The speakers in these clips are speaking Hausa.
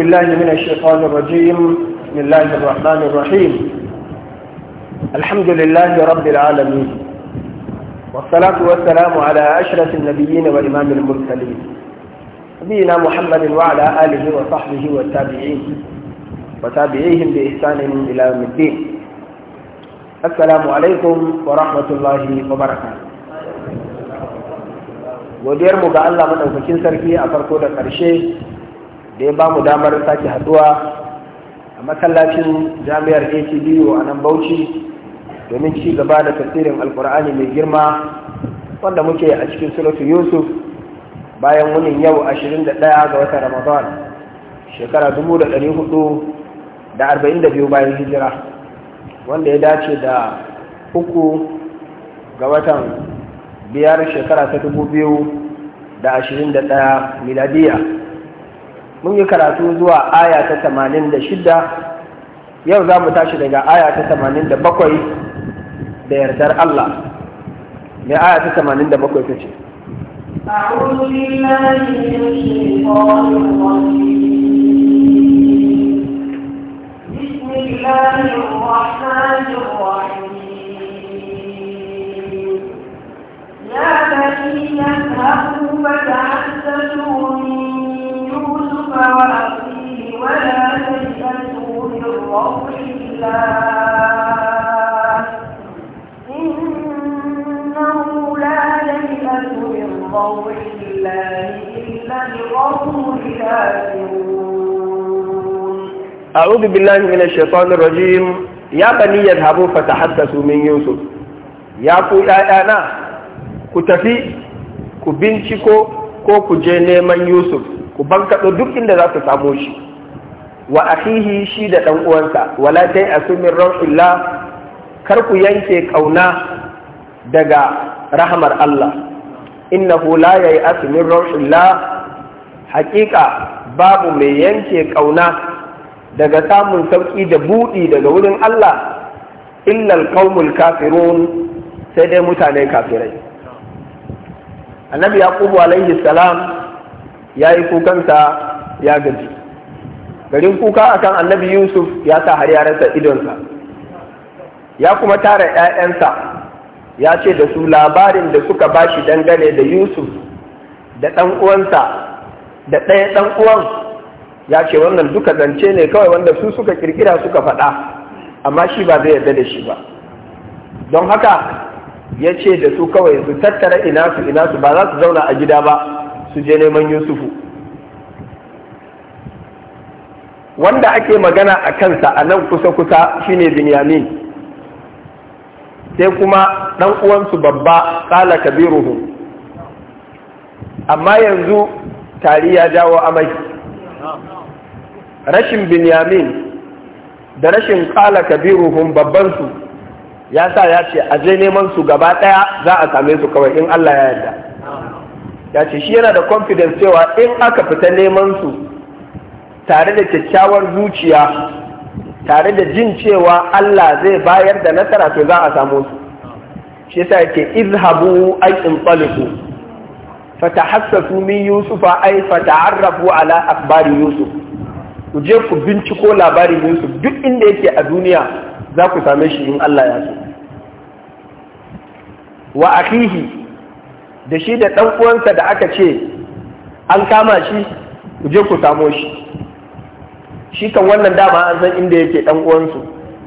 الله من الشيطان الرجيم بسم الله الرحمن الرحيم الحمد لله رب العالمين والصلاة والسلام على أشرف النبيين وإمام المرسلين نبينا محمد وعلى آله وصحبه والتابعين وتابعيهم بإحسان إلى يوم الدين السلام عليكم ورحمة الله وبركاته ودير مبعلا من أفكين سركي أفركو a da ya bamu damar sake haduwa a masallacin jami'ar ATBU a nan Bauchi domin ci gaba da tasirin Alkur'ani mai girma wanda muke a cikin sulatu Yusuf bayan wunin yau 21 ga wata Ramadan shekara 442 bayan hijira wanda ya dace da uku ga watan biyar shekara ta 2021 miladiya mun yi karatu zuwa aya ta tamanin da shida yau za mu tashi daga aya ta tamanin da bakwai da yardar Allah mai aya ta tamanin da bakwai ta ce يا بني اذهبوا فتعسسوا وأخيه ولا تجأتوا من روح الله إنه لا يجأت من روح الله إلا أعوذ بالله من الشيطان الرجيم يا بني يذهبوا فتحدثوا من يوسف يا أنا ku tafi ku binciko ko ku je ku bankaɗo duk inda za ku samo shi wa akhihi shi da ɗan uwansa wala dai asumin rahillah kar ku yanke ƙauna daga rahmar Allah innahu la yayi asumin rahillah haƙiƙa babu mai yanke ƙauna daga samun sauƙi da buɗi daga wurin Allah illal qaumul kafirun sai dai mutane kafirai annabi yaqubu alaihi salam ya yi kukansa ya gaji garin kuka akan annabi yusuf ya sa har yaransa idonsa ya kuma tara 'ya'yansa ya ce da su labarin da suka ba shi dangane da yusuf da ɗan'uwansa da ɗaya ɗan'uwan ya ce wannan duka zance ne kawai wanda su suka kirkira suka faɗa amma shi ba zai yarda da shi ba don haka ya ce da su kawai su tattara ina su ina su ba za su zauna a gida ba su je neman yusufu wanda ake magana a kansa a nan kusa-kusa shine binyamin sai kuma ɗan uwansu babba tsala kabiruhu amma yanzu tari ya jawo amai rashin binyamin da rashin tsala kabiruhun babbansu ya sa ya ce a je neman su gaba ɗaya za a same su kawai in allah ya yarda ya ce shi yana da confidence cewa in aka fita neman su tare da kyakkyawar zuciya tare da jin cewa Allah zai bayar da nasara to za a samu su shi yasa yake izhabu ay intaliqu fatahassasu min yusufa ay fata'arrafu ala akhbari yusuf ku je ku binciko labarin yusuf duk inda yake a duniya za ku same shi in Allah ya so wa akhihi da shi da ɗan da aka ce an kama shi kuje je ku samo shi shi kan wannan dama an san inda yake ɗan'uwansu,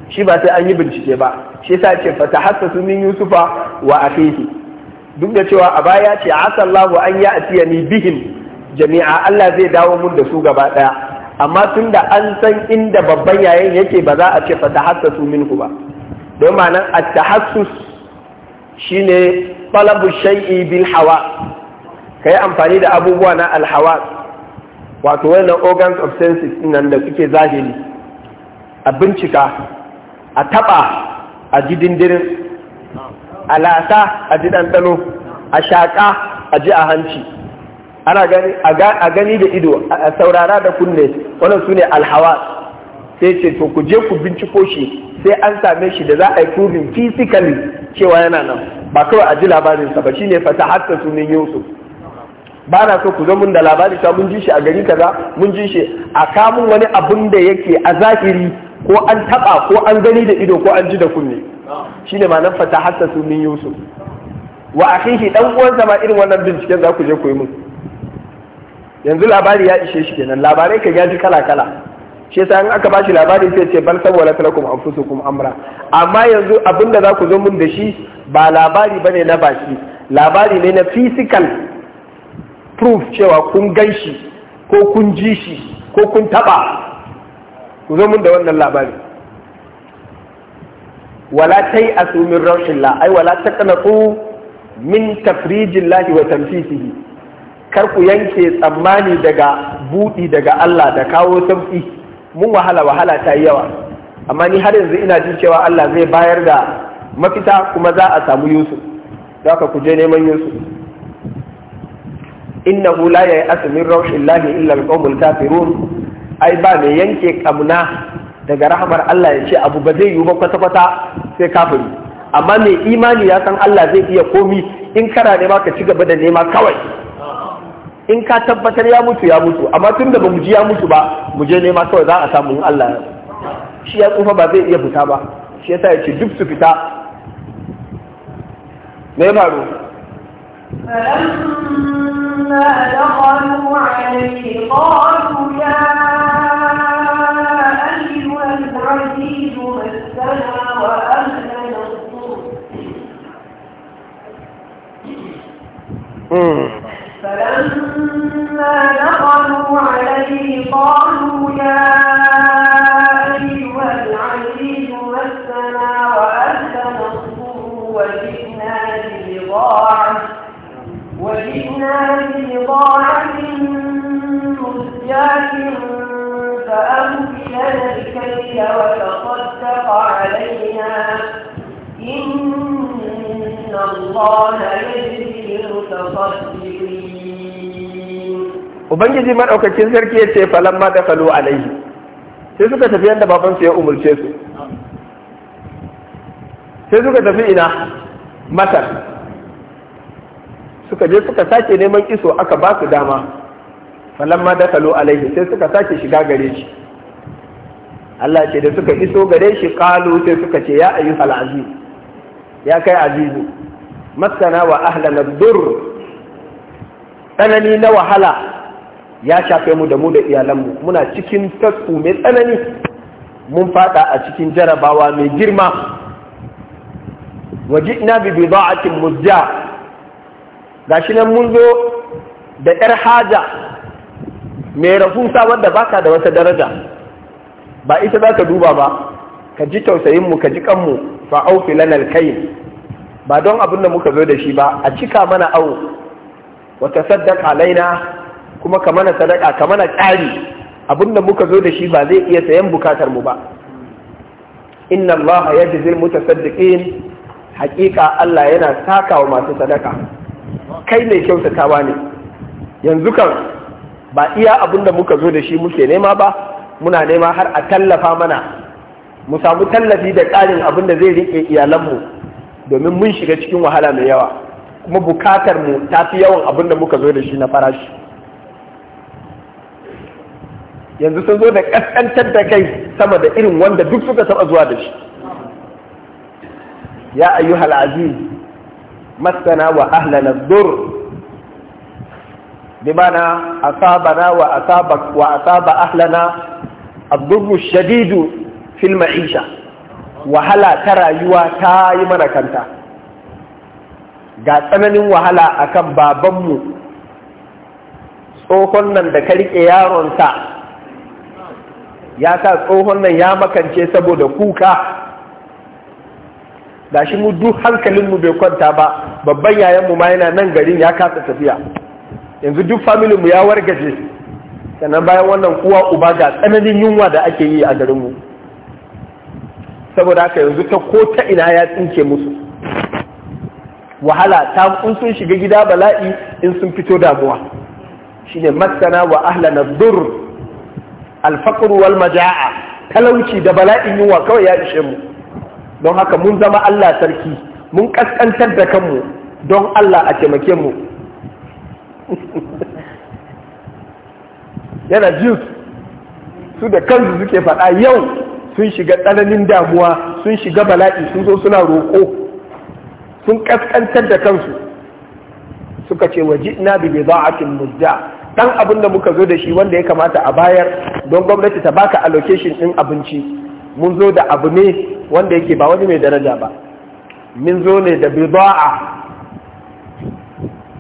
shi ba sai an yi bincike ba shi sa ce fata hassasu min yusufa wa akhihi duk da cewa a baya ce asallahu an yi atiya ni bihin jami'a Allah zai dawo mun da su gaba ɗaya amma tun da an san inda babban yayin yake ba za a ce fata hassasu min ku ba don ma'anar at-tahassus shine talabu shay'i bil hawa Ka yi amfani da abubuwa na alhawa. wato wannan organs of senses nan da suke zahiri a bincika a taba a ji dindirin a lasa a ji ɗanɗano a shaƙa a ji a hanci a gani da ido a saurara da kunne wannan su ne alhawa sai ce to ku je ku binciko shi sai an same shi da za a yi proving physically cewa yana nan ba kawai a ji labarinsa ba shi shine fata hatta sunan yusuf ba na so ku zo mun da labari ta mun ji shi a gari kaza mun ji shi a kamun wani abun da yake a zahiri ko an taba ko an gani da ido ko an ji da kunne shi ma nan fata hatta sunan yusuf wa akhihi dan uwansa ma irin wannan binciken za ku je ku yi mun yanzu labari ya ishe shi kenan labarai ka gaji kala kala shi yasa in aka bashi labari sai ce bal sawwalat lakum anfusukum amra amma yanzu abinda za ku zo mun da shi ba labari bane na baki labari ne na physical proof cewa kun gan shi ko kun ji shi ko kun taba ku zo mun da wannan labari wala tai asu min ai wala taqnatu min tafrijillahi wa tanfisihi kar ku yanke tsammani daga budi daga Allah da kawo sauki mun wahala wahala ta yi yawa amma ni har yanzu ina jin cewa Allah zai bayar da mafita kuma za a samu Yusuf Za ka kuje neman Yusuf innahu la ya'asu min rauhillahi illa alqawmul kafirun ai ba mai yanke kamna daga rahmar Allah ya ce abu ba zai yiwu ba kwata kwata sai kafiri amma mai imani ya san Allah zai iya komi in kana nema ka ci gaba da nema kawai in ka tabbatar ya mutu ya mutu amma tun da ba mu ji ya mutu ba mu je nema kawai za a samu in Allah ya shi ya tsufa ba zai iya fita ba shi yasa ya ce duk su fita me ya faru Mm-hmm. فلما دخلوا عليه قالوا يا أيها العزيز مسنا وأهلنا الصور وجئنا ببضاعة وجئنا ببضاعة مزجاة فأمكن الكيل وتصدق علينا إن الله يجزي المتصدقين ubangiji maɗaukacin sarki ya ce ma falamma a alaihi sai suka tafi yadda babansu ya umurce su sai suka tafi ina matar suka je suka sake neman iso aka ba su dama ma falamma a alaihi sai suka sake shiga gare shi Allah ce da suka iso gare shi kalu sai suka ce ya ayu halazi ya kai azizu masana wa ahlan dur tsanani na wahala ya shafe mu da mu da iyalanmu muna cikin tasku mai tsanani mun fada a cikin jarabawa mai girma Waje a bi bida'atin muzja gashi nan mun zo da yar haja mai rahusa wanda baka da wata daraja ba ita za ka duba ba ka ji tausayin mu ka ji kanmu fa aufi lana alkayn ba don abin da muka zo da shi ba a cika mana au Wata tasaddaq alaina kuma ka mana sadaka ka mana tsari abinda muka zo da shi ba zai iya sayan bukatar mu ba inna allaha yajzi mutasaddiqin haqiqa Allah yana saka wa masu sadaka kai ne kyautatawa ne yanzu kan ba iya abinda muka zo da shi muke nema ba muna nema har a tallafa mana mu samu tallafi da ƙarin abun da zai riƙe iyalanmu domin mun shiga cikin wahala mai yawa kuma bukatar mu ta fi yawan abinda muka zo da shi na farashi yanzu sun zo da ƙasƙantar da kai sama da irin wanda duk suka saba zuwa da shi ya ayyuhal aziz masana wa ahlana dur bimana asabana wa asaba wa asaba ahlana ad ma'isha wahala ta rayuwa ta yi mana kanta ga tsananin wahala akan babanmu tsohon nan da ka riƙe yaronsa ya sa tsohon nan ya makance saboda kuka Da shi mu duk hankalinmu bai kwanta ba babban yayanmu ma yana nan garin ya kasa tafiya yanzu duk familinmu ya wargaje sannan bayan wannan kuwa uba ga tsananin yunwa da ake yi a garinmu saboda haka yanzu ta ko ta ina ya tsinke musu wahala ta in sun shiga gida bala'i in sun fito damuwa shine masana wa ahlana dur alfaqru wal majaa talauci da bala'in yunwa kawai ya ishe mu don haka mun zama Allah sarki mun kaskantar da kanmu don Allah a taimake mu yana jin su da kansu suke faɗa yau sun shiga tsananin damuwa sun shiga bala'i sun zo suna roƙo sun kaskantar da kansu suka ce waje ina bi bida'atin mujda dan abin da muka zo da shi wanda ya kamata a bayar don gwamnati ta baka allocation din abinci mun zo da abu ne wanda yake ba wani mai daraja ba min zo ne da bida'a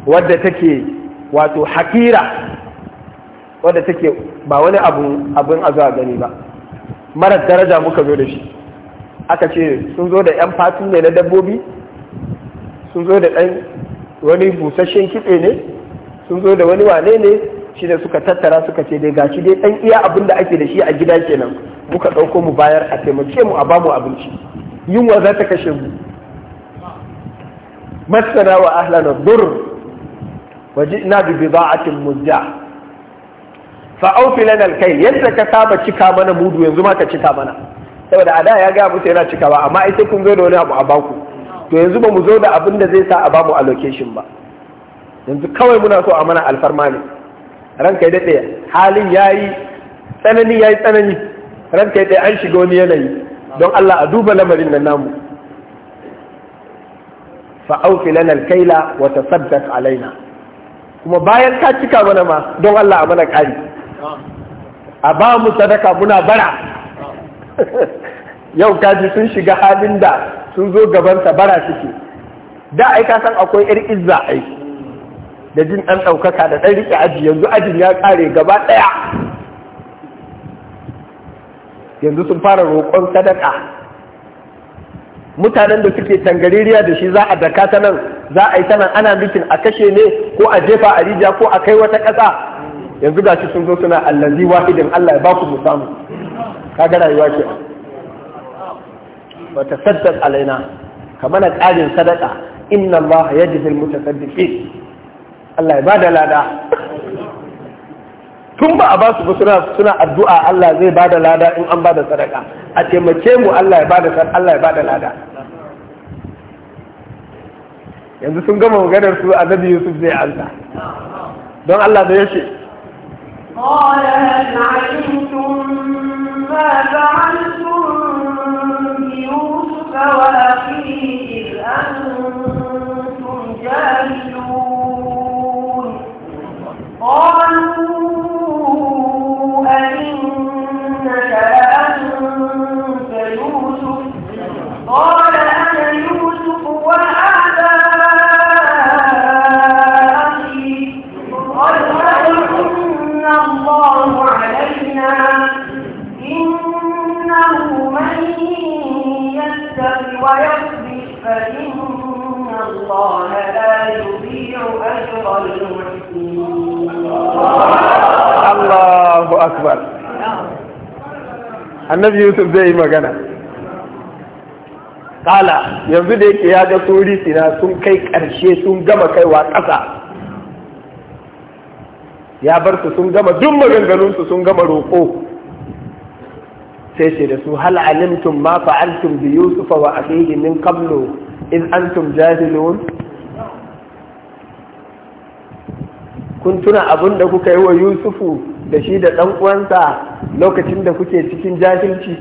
wadda take wato hakira wadda take ba wani abin a zuwa gani ba marar daraja muka zo da shi aka ce sun zo da 'yan fatin ne na dabbobi sun zo da ɗan wani busasshen kitse ne sun zo da wani wane ne shi da suka tattara suka ce dai gashi dai ɗan iya abin da ake da shi a gida kenan muka ɗauko mu bayar a taimake mu a bamu abinci yunwa za ta kashe mu masana wa ahlana dur waje ina bi a muzja fa aufi lana alkai yadda ka saba cika mana mudu yanzu ma ka cika mana saboda a da ya gaya musu yana cikawa amma ai sai kun zo da wani abu a baku to yanzu ba mu zo da abin da zai sa a bamu location ba yanzu kawai muna so a mana alfarma ne ranka ya daɗe halin ya yi tsanani ya yi tsanani ranka ya daɗe an shiga wani yanayi don Allah a duba lamarin nan namu auki lanar alkaila wata tasaddaq alaina kuma bayan ka cika mana ma don Allah a mana kari a ba mu sadaka muna bara yau kaji sun shiga halin da sun zo gabansa bara suke da ai ka san akwai 'yar izza aiki da jin ɗan ɗaukaka da ɗan riƙe aji yanzu ajin ya ƙare gaba ɗaya yanzu sun fara roƙon sadaka mutanen da suke tangaririya da shi za a daka ta nan za a yi ta nan ana mikin a kashe ne ko a jefa a rijiya ko a kai wata ƙasa yanzu ga shi sun zo suna wa wahidin Allah ya ba ku mu kaga rayuwa ke wata saddaq alaina kamar ƙarin sadaka inna Allah ya al-mutasaddiqin Allah ya ba da lada tun ba a ba su suna suna addu'a Allah zai ba da lada in an ba da sadaka a taimake mu Allah ya ba da sadaka Allah ya ba da lada yanzu sun gama maganar su zabi Yusuf zai Allah don Allah da yace قال هل علمتم ما فعلتم بيوسف وأخيه إذ أنتم قالوا أئنك أنت يوسف قال akbar annabi yusuf zai yi magana kala yanzu da yake ya ga tsori sina sun kai ƙarshe sun gama kaiwa ƙasa ya bar su sun gama duk maganganunsu sun gama roƙo sai ce da su hal alimtum ma fa'altum bi yusufa wa akhihi min qablu in antum jahilun kun tuna abin da kuka yi wa yusufu da shi da ɗan uwansa lokacin da kuke cikin jahilci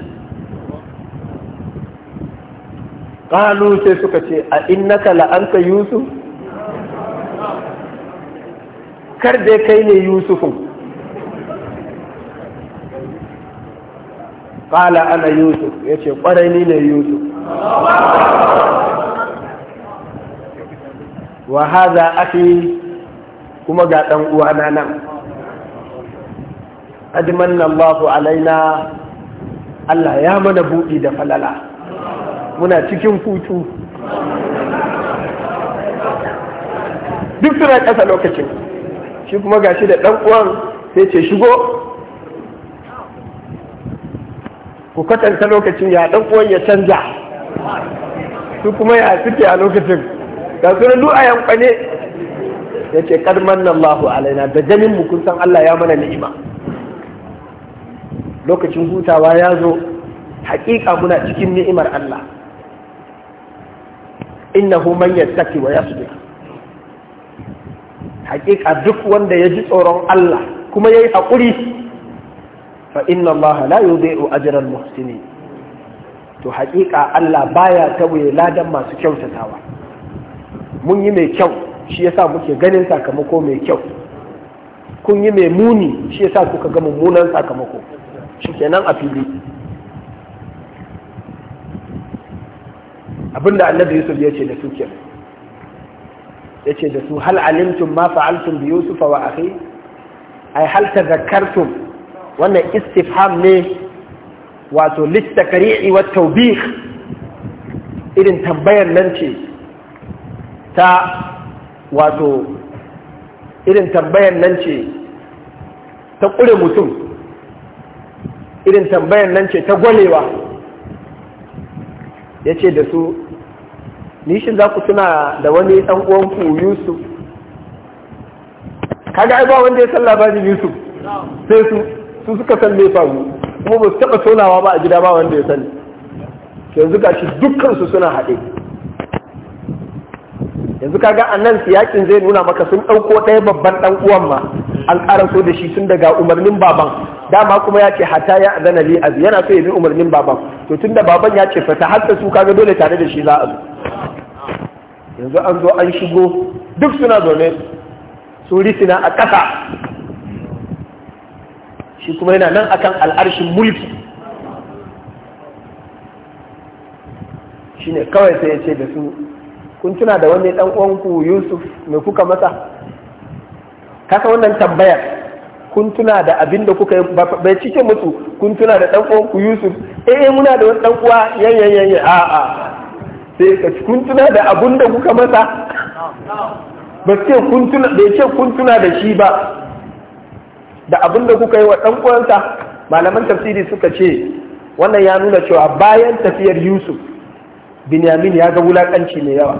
ƙalu sai suka ce a innaka la'anta yusuf kar dai kai ne yusufin ƙala ana yusuf ya ce ƙwarai ni ne yusuf wa haza ake kuma ga ɗan uwana nan admanna Allahu alaina Allah ya mana buɗi da falala muna cikin hutu duk suna ƙasa lokacin shi kuma gashi da ɗan uwan sai ce shigo ku kwatanta lokacin ya ɗan uwan ya canja su kuma ya suke a lokacin ga suna duk a yankwane ya ce karman nan Allahu alaina da ganin mu kun san Allah ya mana ni'ima lokacin hutawa ya zo haƙiƙa muna cikin ni'imar Allah innahu man yattaqi wa yasbir haƙiƙa duk wanda ya ji tsoron Allah kuma yayi haƙuri fa inna Allah la yudai'u ajra al-muhsinin to haƙiƙa Allah baya tawaye ladan masu kyautatawa mun yi mai kyau shi yasa muke ganin sakamako mai kyau kun yi mai muni shi yasa kuka ga mummunan sakamako shikenan a fili abinda annabi yusuf ya ce da su kenan ya ce da su hal alimtum ma fa'altum bi yusuf wa akhi ai hal tadhakkartum wannan istifham ne wato littakari'i wa taubih irin tambayar nan ce ta wato irin tambayar nan ce ta kure mutum irin tambayan nan ce ta gwalewa ya ce da su nishin za ku tuna da wani ɗan uwanku yusuf kaga ai ba wanda ya san labarin yusuf sai su su suka san me faru kuma ba su taɓa tonawa ba a gida ba wanda ya sani yanzu ga shi dukkansu suna haɗe yanzu kaga a nan siyakin zai nuna maka sun ɗauko ɗaya babban ɗan uwan ma an ƙara so da shi tun daga umarnin baban dama kuma ya ce hata ya azana li yana so ya bi umarnin baban to tunda baban ya ce fata ta hatta su kaga dole tare da shi za a zo yanzu an zo an shigo duk suna zaune su risina a ƙasa shi kuma yana nan akan al'arshin mulki shine kawai sai ya ce da su kun tuna da wani dan uwanku Yusuf mai kuka masa kasa wannan tambayar kun tuna da abin da kuka bai cike mutu, kun tuna da dan uwanku Yusuf eh, eh muna da wani dan uwa yan yan yan a a sai ka kun tuna da abin da kuka masa ba ce kun tuna bai ce kun tuna da shi ba da abin da kuka yi wa dan uwansa malaman tafsiri suka ce wannan ya nuna cewa bayan tafiyar Yusuf Binyamin ya ga wulakanci mai yawa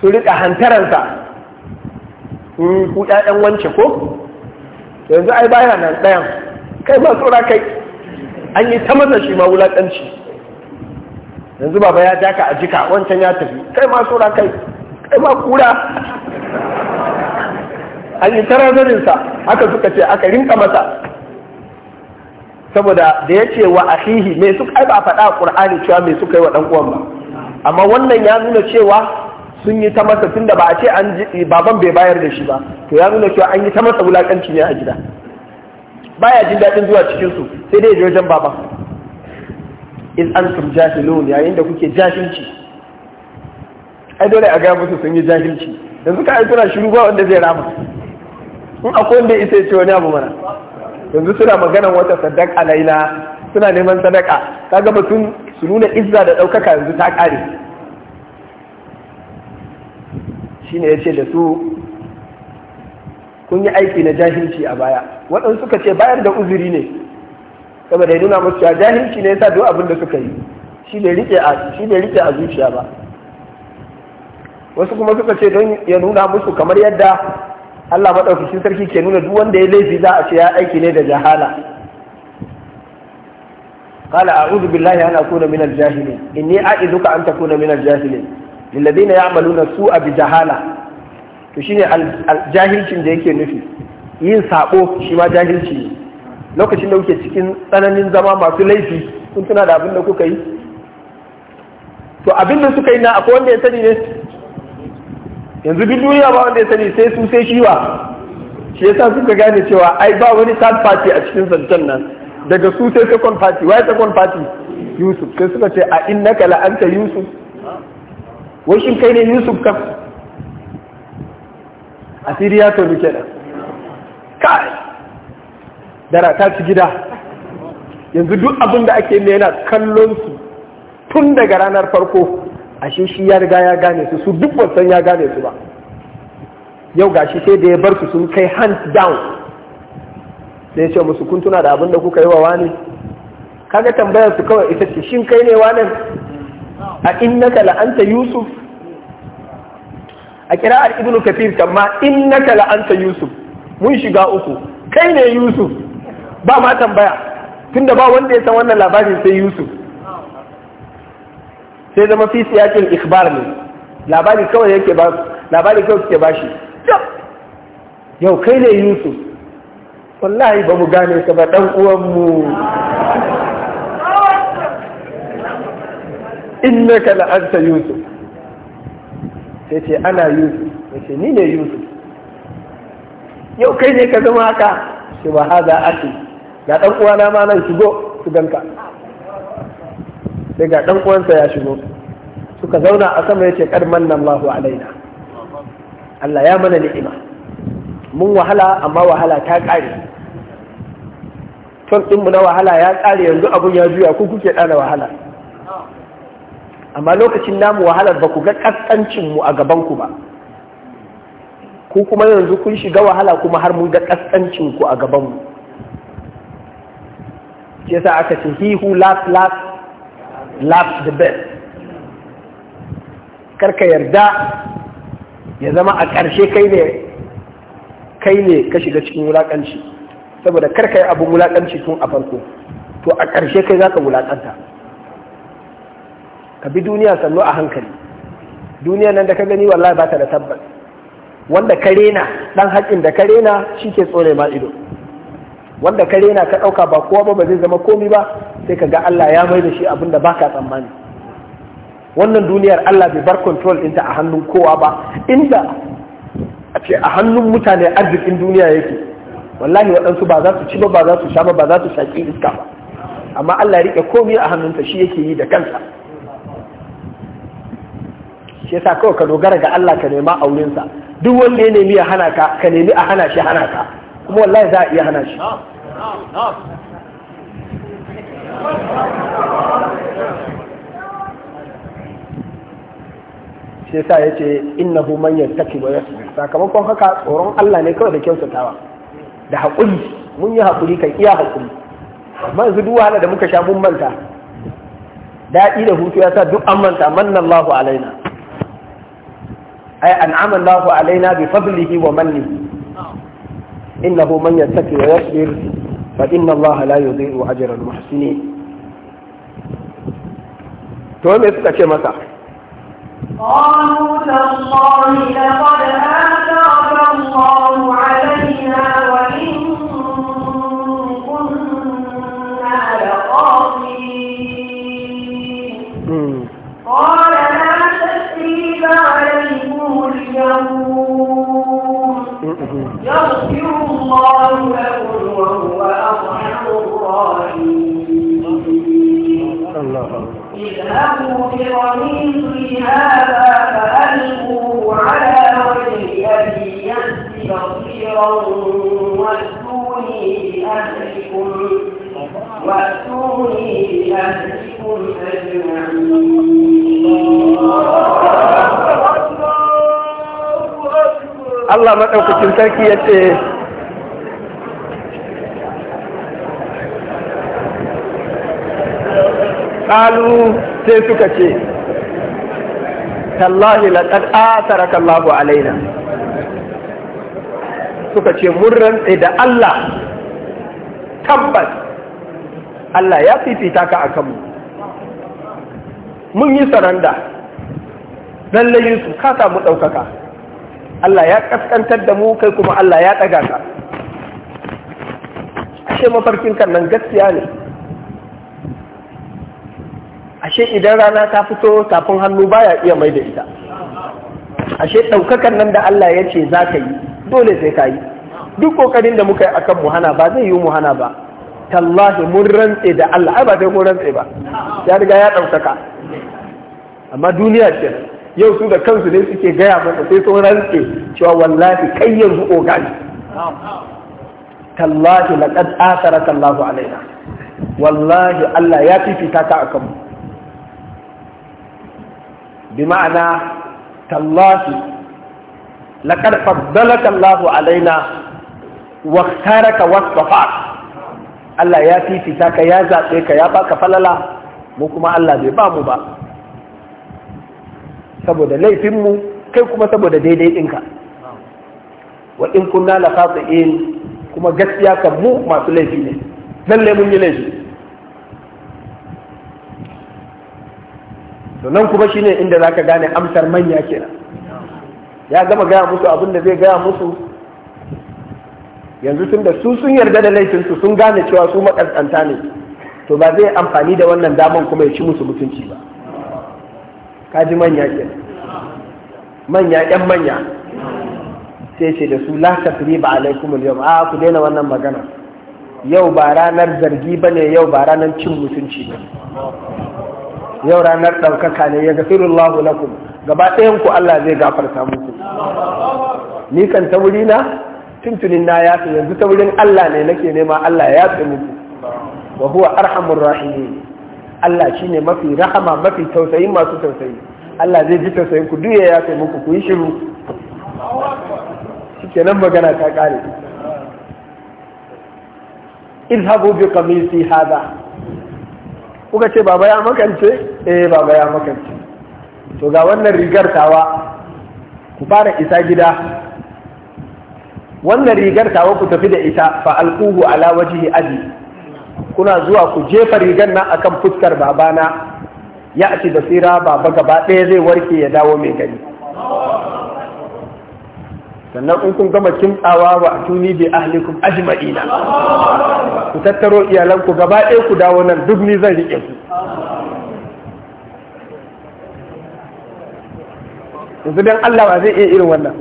su rika hantaransa ku ƴaƴan wance ko yanzu ai baya nan ɗayan kai ma tsora kai an yi ta masa shi ma wulaƙanci yanzu baba ya daka a jika wancan ya tafi kai ma tsora kai kai ma kura an yi ta razarinsa haka suka ce aka rinka masa saboda da ya ce wa ahihi mai suka ai ba faɗa a ƙur'ani cewa mai suka yi wa ɗan ba amma wannan ya nuna cewa sun yi ta masa tunda ba a ce an ji eh, baban bai bayar da shi ba to ya nuna cewa an yi ta masa wulakanci ne a gida baya jin daɗin zuwa cikin su sai dai ya wajen baba in antum jahilun yayin da kuke jahilci ai dole a gaya musu sun yi jahilci yanzu ka aikuna suna shiru ba wanda zai rama in akwai wanda isa ya ce wani abu mana yanzu suna maganan wata sadaka alaina suna neman sadaka kaga batun su nuna izza da ɗaukaka yanzu ta ƙare ne ya ce da su kun yi aiki na jahilci a baya waɗansu suka ce bayar da uzuri ne saboda ya nuna musu cewa jahilci ne yasa duk abin da suka yi shi ne rike a shi ne rike a zuciya ba wasu kuma suka ce don ya nuna musu kamar yadda Allah maɗaukacin sarki ke nuna duk wanda ya laifi za a ce ya aiki ne da jahala قال أعوذ بالله أن أكون من الجاهلين إني أعذك أن تكون من الجاهلين amalu na su a bijahala to shine jahilcin da yake nufi yin sabo shi ma jahilci ne lokacin da kuke cikin tsananin zama masu laifi kun tuna da abin da kuka yi to abin da suka yi na akwai wanda ya sani ne yanzu duk duniya ba wanda ya sani sai su sai shi wa? shi yasa suka gane cewa ai ba wani third party a cikin zancen nan daga su sai second party why second party yusuf sai suka ce a innaka la yusuf wai shin kai ne yusuf kan asiri ya tobi kenan kai dara ta ci gida yanzu duk abin da ake yana kallon su tun daga ranar farko ashe shi ya riga ya gane su su duk wasan ya gane su ba yau gashi sai da ya bar su sun kai hand down sai ce musu kun da abin da kuka yi wa wani kaga tambayar su kawai ita ce shin kai ne wanan a innaka la'anta yusuf a kira'ar ibnu kafir kamma innaka la'anta yusuf mun shiga uku kai ne yusuf ba ma tambaya tunda ba wanda ya san wannan labarin sai yusuf sai zama fi siyakin ikhbar ne labari kawai yake ba labari kawai suke bashi yau kai ne yusuf wallahi ba mu gane ka ba dan uwanmu innaka la anta yusuf sai ce ana yusuf yace ce ni ne yusuf yau kai ne ka zama haka shi ba hada ake ga dan uwa na ma nan shigo su ganka sai ga dan uwansa ya shigo suka zauna a sama yace kad manna Allahu alaina Allah ya mana ni'ima mun wahala amma wahala ta kare din mu na wahala ya kare yanzu abun ya juya ku kuke ɗana wahala amma lokacin namu wahalar ba ku ga kaskancin mu a gaban ku ba ku kuma yanzu kun shiga wahala kuma har mun ga kaskancin ku a gaban mu shi sa aka ce he who laughs laughs laughs the best karka yarda ya zama a ƙarshe kai ne kai ne ka shiga cikin wulaƙanci saboda karka yi abin wulaƙanci tun a farko to a ƙarshe kai za ka wulaƙanta ka bi duniya sannu a hankali duniya nan da ka gani wallahi ba ta da tabbas wanda ka rena dan haƙin da ka rena shi ke tsore ma ido wanda ka rena ka ɗauka ba kowa ba zai zama komi ba sai ka ga Allah ya mai da shi abin da baka tsammani wannan duniyar Allah bai bar control ɗinta a hannun kowa ba inda a ce a hannun mutane arzikin duniya yake wallahi waɗansu ba za su ci ba ba za su sha ba ba za su shaƙi iska ba amma Allah ya riƙe komi a hannunta shi yake yi da kansa shi yasa kawai ka dogara ga Allah ka nema aurensa duk wanda ya nemi ya hana ka ka nemi a hana shi hana ka kuma wallahi za a iya hana shi shi yasa ya ce innahu man yattaki wa yasbir sakamakon haka tsoron Allah ne kawai da kyautatawa da haƙuri mun yi haƙuri kan iya haƙuri amma yanzu duk wahala da muka sha mun manta daɗi da hutu ya sa duk an manta manna Allahu alaina أي أنعم الله علينا بفضله ومنه إنه من يتقي ويصبر فإن الله لا يضيع أجر المحسنين تومي تكتش مكا قالوا تالله لقد آثار الله يتقون يغفر الله لكم وهو أرحم الراحمين اذهبوا برميصي هذا Allah maɗaukacin sarki ya ce ƙalu sai suka ce tallahi laƙad asaraka a alaina suka ce mun tsaye da Allah tabbas Allah ya fifita ka a kanmu mun yi saranda lallai Yusuf ka samu ɗaukaka Allah ya kaskantar da mu kai kuma Allah ya ɗaga ka ashe mafarkin kan nan gaskiya ne ashe idan rana ta fito tafin hannu baya iya mai da ita ashe ɗaukakan nan da Allah ya ce za ka yi dole sai ka yi duk ƙoƙarin da muka yi akan muhana ba zai yi muhana ba tallahi mun rantse da Allah ai ba sai mun rantse ba ya riga ya ɗaukaka amma duniya ce yau su da kansu ne suke gaya masa sai sun rantse cewa wallahi kai yanzu ogani tallahi laqad asara kallahu alaina wallahi Allah ya fifita ta akan mu bi ma'ana tallahi laqad faddalaka Allahu alaina wa ikhtaraka wasfafak Allah ya fifita ka ya zaɓe ka ya baka falala mu kuma Allah bai ba mu ba saboda laifinmu kai kuma saboda daidai ɗinka wa in kunna la khati'in kuma gaskiya kan mu masu laifi ne lalle mun yi laifi to nan kuma shine inda zaka gane amsar manya kenan ya gama gaya musu abin da zai gaya musu yanzu tun da su sun yarda da laifinsu sun gane cewa su maƙasƙanta ne to ba zai amfani da wannan daman kuma ya ci musu mutunci ba kaji manya ke manya yan manya sai ce da su firi ba alaikum yau. a ah, ku daina wannan magana yau ba ranar zargi ba ne yau ba ranar cin mutunci ba yau ranar ɗaukaka ne ya gafirullahu lakum gaba ɗayan ku Allah zai gafarta muku ni kan ta wuri na tuntunin na fi. yanzu ta wurin Allah ne nake nema Allah ya yafe muku wa huwa arhamur rahimin Allah shi ne mafi rahama mafi tausayin masu tausayi Allah zai ji tausayin ku duk ya yafe muku ku yi shiru nan magana ta kare izhabu bi qamisi hada kuka ce baba ya makance eh baba ya makance to ga wannan rigar tawa ku fara isa gida wannan rigar tawa ku tafi da ita fa alquhu ala wajhi aji kuna zuwa ku jefa rigar nan akan fuskar babana ya ci da tsira baba gaba ɗaya zai warke ya dawo mai gari sannan in kun gama ba a tuni bi ahlikum ajma'ina ku tattaro iyalanku gaba ɗaya ku dawo nan duk ni zan riƙe ku yanzu dan Allah ba zai iya irin wannan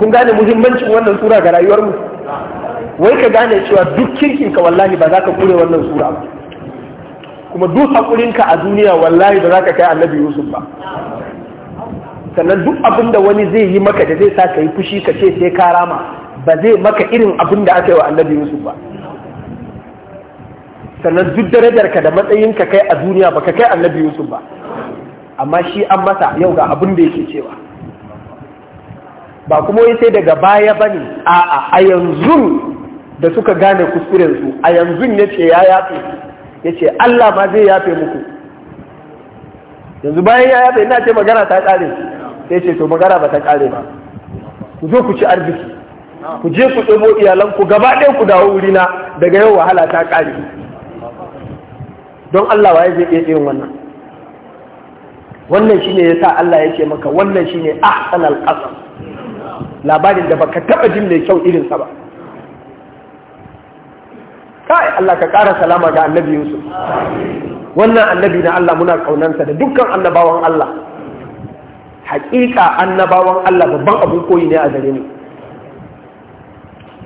kun gane muhimmancin wannan sura ga rayuwar mu wai ka gane cewa duk kirkin ka wallahi ba za ka kure wannan sura ba kuma duk hakurin a duniya wallahi ba za ka kai annabi yusuf ba sannan duk abin da wani zai yi maka da zai sa ka yi fushi ka ce sai ka rama ba zai maka irin abin da aka yi wa annabi yusuf ba sannan duk darajarka da matsayin ka kai a duniya ba ka kai annabi yusuf ba amma shi an masa yau ga abin da yake cewa ba kuma yi sai daga baya ba ne a a yanzu da suka gane kuskurensu a yanzu ya ce ya yafe ya ce Allah ma zai yafe muku yanzu bayan ya yafe ina ce magana ta kare ya ce to magana ba ta kare ba ku zo ku ci arziki ku je ku iyalan iyalanku gaba ɗaya ku dawo wurina daga yau wahala ta kare don Allah waye zai iya irin wannan wannan shine yasa Allah ya ce maka wannan shine ahsanal qasam labarin da baka taba jin mai kyau irinsa ba kai Allah ka ƙara salama ga annabi Yusuf wannan annabi na Allah muna ƙaunansa. da dukkan annabawan Allah hakika annabawan Allah babban abin koyi ne a gare mu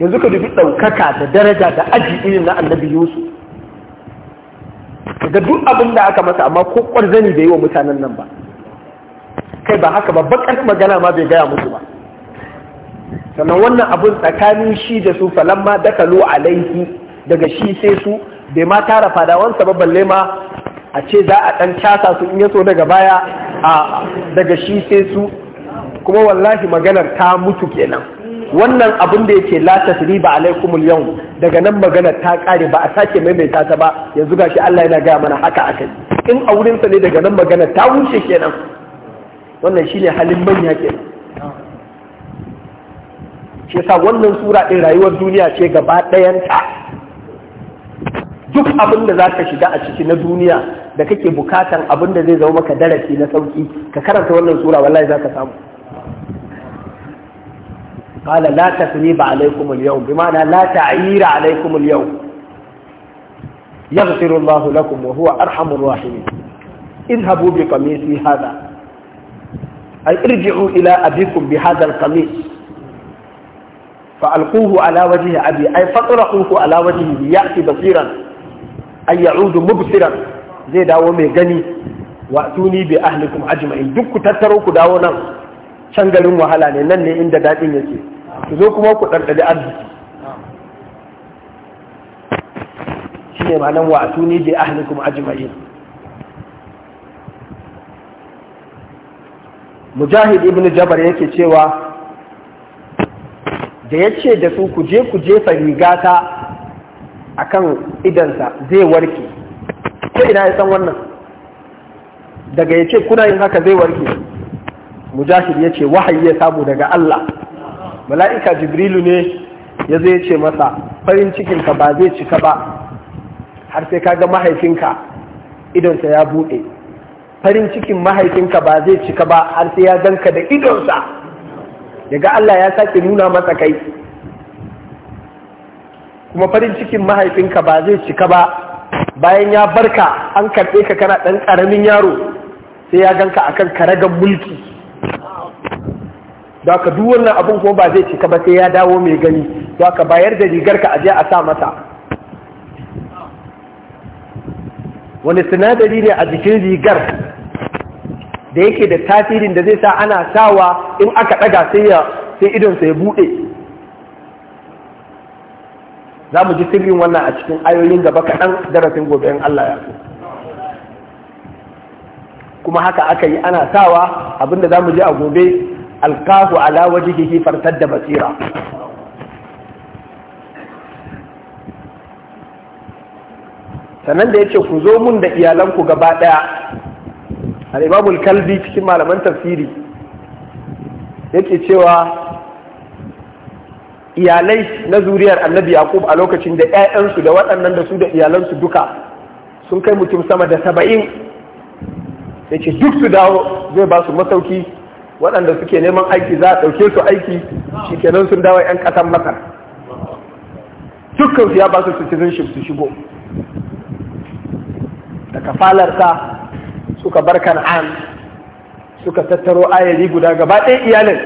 yanzu ka dubi ɗaukaka da daraja da aji irin na annabi Yusuf da duk abin da aka masa amma ko ƙwarzani bai yi wa mutanen nan ba kai ba haka ba bakar magana ma bai gaya musu sannan wannan abun tsakanin shi da su falamma dakalu alaihi daga shi sai su bai ma tara fadawansa ba balle ma a ce za a ɗan casa su in yaso daga baya a daga shi sai su kuma wallahi maganar ta mutu kenan wannan abin da yake la ba alaikum yau daga nan maganar ta kare ba a sake maimaita ta ba yanzu gashi Allah yana gaya mana haka akai in aurinsa ne daga nan maganar ta wuce kenan wannan shine halin manya kenan shi yasa wannan sura ɗin rayuwar duniya ce gaba ɗayanta duk abin da za ka shiga a ciki na duniya da kake bukatan abin da zai zama maka darasi na sauki ka karanta wannan sura wallahi za ka samu قال لا tasrib عليكم اليوم yawm لا تعير عليكم اليوم يغفر الله لكم وهو أرحم الراحمين اذهبوا بقميصي هذا أي ارجعوا إلى أبيكم بهذا القميص فألقوه على وجه أبي أي فطرقوه على وجهه ليأتي بصيرا أي يعود مبصرا زي داو مي غني وأتوني بأهلكم أجمعين دك تتروك كداو نان شنغلين وهلا ne nan ne inda dadin yake ku zo kuma ku ɗanɗani arziki shi ne ma'anan wa atuni bi ahlikum ajma'in mujahid ibn jabar da ya ce da su ku je ku jefa rigata a kan idansa zai warke sai ina ya san wannan daga ya ce kuna yin haka zai warke mujahid ya ce wahayi ya samu daga Allah mala'ika jibrilu ne ya zai ce masa farin cikinka ba zai cika ba har sai kaga mahaifinka idonsa ya buɗe farin cikin mahaifinka ba zai cika ba har sai ya ganka da idonsa yaga Allah ya sake nuna masa kai kuma farin cikin mahaifinka ba zai cika ba bayan ya barka an karɓe ka kana ɗan ƙaramin yaro sai ya ganka akan karagan mulki da ka duk wannan abin kuma ba zai cika ba sai ya dawo mai gani da ka bayar da rigar ka aje a sa masa wani sinadari ne a jikin rigar da yake da tasirin da zai sa ana sawa in aka ɗaga sai ya sai idonsa ya buɗe za mu ji sirrin wannan a cikin ayoyin gaba kaɗan darasin gobe in Allah ya kuma haka aka yi ana sawa abinda za mu ji a gobe alkahu ala wajihihi fartar da basira sannan da ya ce ku zo mun da iyalanku gaba ɗaya al kalbi cikin malaman tafsiri yake cewa iyalai na zuriyar annabi yaqub a lokacin da 'ya'yansu da waɗannan da su da iyalansu duka sun kai mutum sama da saba'in yake ke duk su dawo zai ba su masauki waɗanda suke neman aiki za a ɗauke su aiki shikenan sun dawo 'yan ƙasan masar dukkan su ya ba su citizenship su shigo da falarsa. suka bar kan'an suka tattaro ayari guda gaba ɗaya iyalin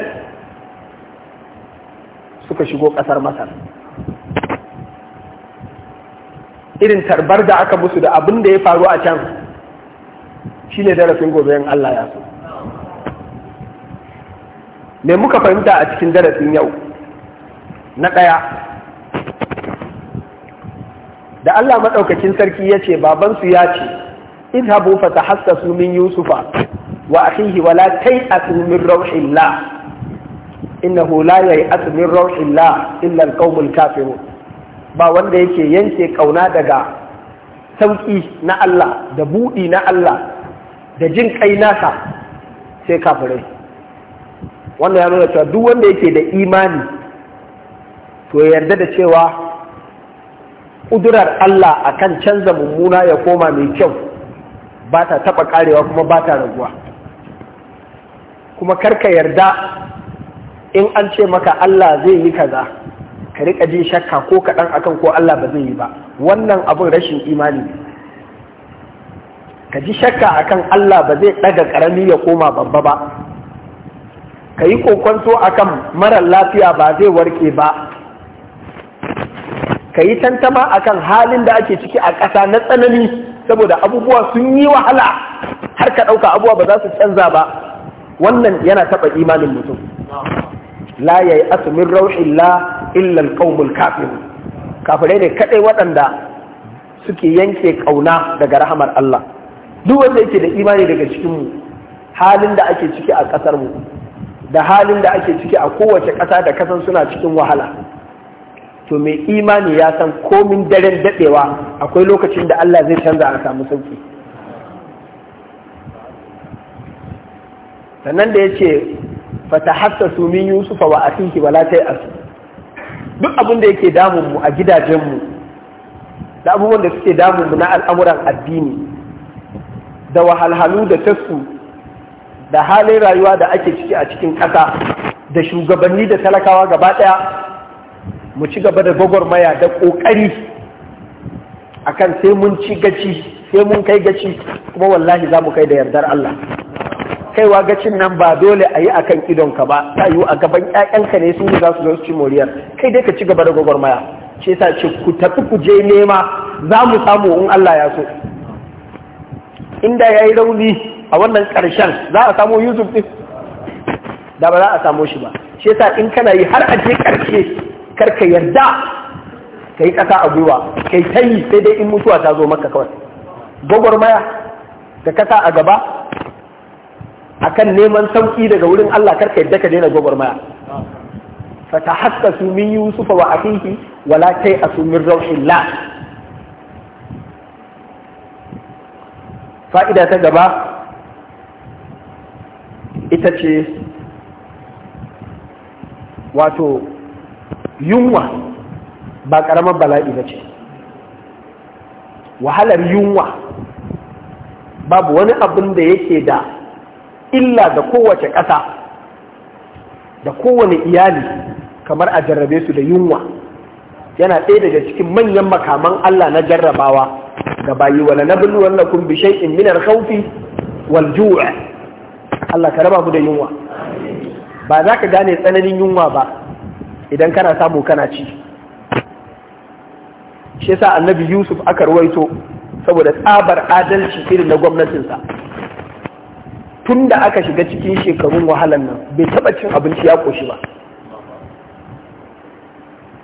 suka shigo ƙasar masar irin tarbar da aka musu da abin da ya faru a can shi ne darasin gobe yin Allah ya so me muka fahimta a cikin darasin yau na ɗaya da Allah maɗaukakin sarki ya ce babansu ya ce idhabu fatahassasu min yusufa wa akhihi wa la tay'asu min rauhillah innahu la yay'asu min rauhillah illa kafirun ba wanda yake yanke kauna daga sauki na Allah da budi na Allah da jin kai nasa sai kafirai wannan ya nuna cewa duk wanda yake da imani to yarda da cewa ƙudurar Allah akan canza mummuna ya koma mai kyau ba ta taɓa ƙarewa kuma ba ta raguwa kuma karka yarda in an ce maka Allah zai yi kaza ka riƙa jin shakka ko kaɗan akan ko Allah ba zai yi ba wannan abin rashin imani ka ji shakka akan Allah ba zai ɗaga ƙarami ya koma babba ba ka yi kokonto akan marar lafiya ba zai warke ba ka yi tantama akan halin da ake ciki a ƙasa na tsanani saboda abubuwa sun yi wahala har ka ɗauka abubuwa ba za su canza ba wannan yana taɓa imanin mutum la ya yi asumin la illan ƙaunar kafin? kafirai ne kaɗai waɗanda suke yanke ƙauna daga rahamar Allah duk wanda yake da imani daga cikinmu halin da ake ciki a ƙasarmu da halin da ake ciki a kowace ƙasa da kasan suna cikin wahala to mai imani ya san komin daren daɗewa akwai lokacin da Allah zai canza a samu sauƙi. sannan da ya ce fata hassa su min yusufa wa a tinki ba latai a su duk abin da yake damunmu a gidajenmu da abubuwan da suke damunmu na al'amuran addini da wahalhalu da tasu da halin rayuwa da ake ciki a cikin ƙasa da shugabanni da talakawa gaba ɗaya mu ci gaba da gwagwarmaya da ƙoƙari akan sai mun ci gaci sai mun kai gaci kuma wallahi za mu kai da yardar Allah kaiwa gacin nan ba dole a yi a kan idonka ba ta yiwu a gaban ƴaƴanka ne su za su zo su ci moriyar kai dai ka ci gaba da gwagwarmaya ce sa ce ku tafi ku je nema za mu samu in Allah ya so inda ya yi rauni a wannan ƙarshen za a samu yusuf ɗin da ba za a samu shi ba ce in kana yi har a je ƙarshe karka yarda ka yi ƙasa a gwiwa kai ta yi sai dai in mutuwa ta zo maka kawai gwagwarmaya da kasa a gaba a kan neman sauki daga wurin Allah karka yarda ka daina gwagwarmaya fata haska su min yusufa wa akihi wala kai a su min la. fa'ida ta gaba ita ce wato yunwa ba ƙaramar bala'i ba ce wahalar yunwa babu wani abin da yake da illa da kowace ƙasa da kowane iyali kamar a jarrabe su da yunwa yana ɗaya daga cikin manyan makaman Allah na jarrabawa ga bayi wa na bin na kun bi shay'in min haufi wal Allah ka raba mu da yunwa ba za ka gane tsananin yunwa ba idan kana samu kana ci shi yasa annabi yusuf aka ruwaito saboda tsabar adalci irin na gwamnatinsa tun da aka shiga cikin shekarun wahalar nan bai taɓa cin abinci ya ƙoshi ba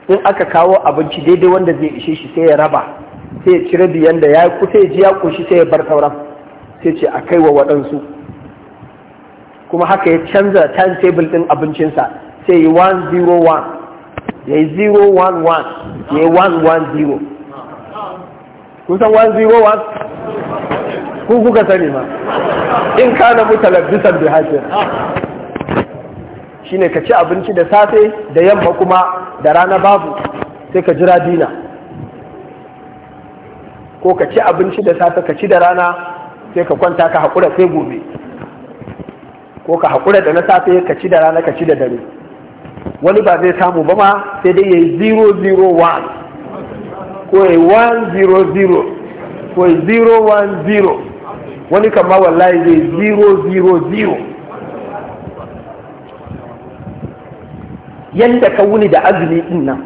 in aka kawo abinci daidai wanda zai ishe shi sai ya raba sai ya cire biyan da ya kusa ya ji ya ƙoshi sai ya bar sauran sai ce a kai wa waɗansu kuma haka ya canza timetable ɗin abincinsa sai yi 101 ya one, 011 ya yi 110 kun san 101 ku kuka sani ma in kana mutalabbisan bi Shi ne ka ci abinci da safe da yamma kuma da rana babu sai ka jira dina ko ka ci abinci da safe ka ci da rana sai ka kwanta ka haƙura sai gobe ko ka haƙura da na safe ka ci da rana ka ci da dare wani ba zai samu ba ma sai dai ya yi 001 ko ya yi 100 ko ya yi 010 wani kama wallahi zai 000 yadda ka wuni da azumi din nan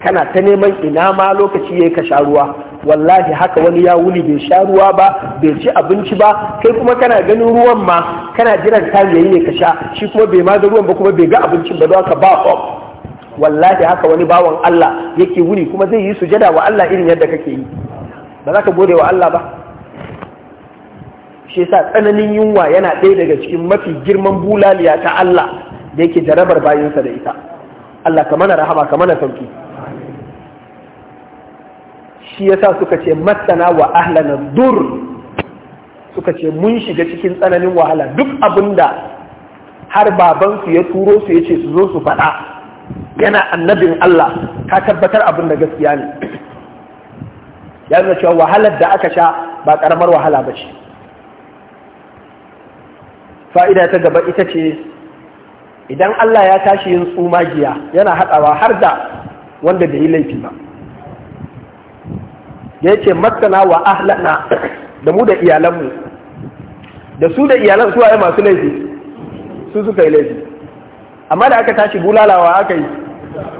kana ta neman ina ma lokaci ya yi ka sha ruwa wallahi haka wani ya wuni bai sha ruwa ba bai ci abinci ba kai kuma kana ganin ruwan ma kana jiran ta yayi ne ka sha shi kuma bai ma ga ruwan ba kuma bai ga abincin ba don haka ba hope wallahi haka wani bawan Allah yake wuni kuma zai yi sujada wa Allah irin yadda kake yi ba za ka gode wa Allah ba shi yasa tsananin yunwa yana ɗaya daga cikin mafi girman bulaliya ta Allah da yake jarabar bayinsa da ita Allah ka mana rahama ka mana sauki shi yasa suka ce masana wa ahlana dur suka ce mun shiga cikin tsananin wahala duk abinda har babansu ya turo su ya ce su zo su faɗa yana annabin Allah ka tabbatar abin da gaskiya ne ya nuna cewa wahalar da aka sha ba karamar wahala ba ce fa'ida ta gaba ita ce idan Allah ya tashi yin tsuma giya yana haɗawa har da wanda bai yi laifi ba da ya ce wa ahlana da mu da iyalanmu da su da iyalan su waye masu laifi su suka yi laifi amma da aka tashi bulalawa aka yi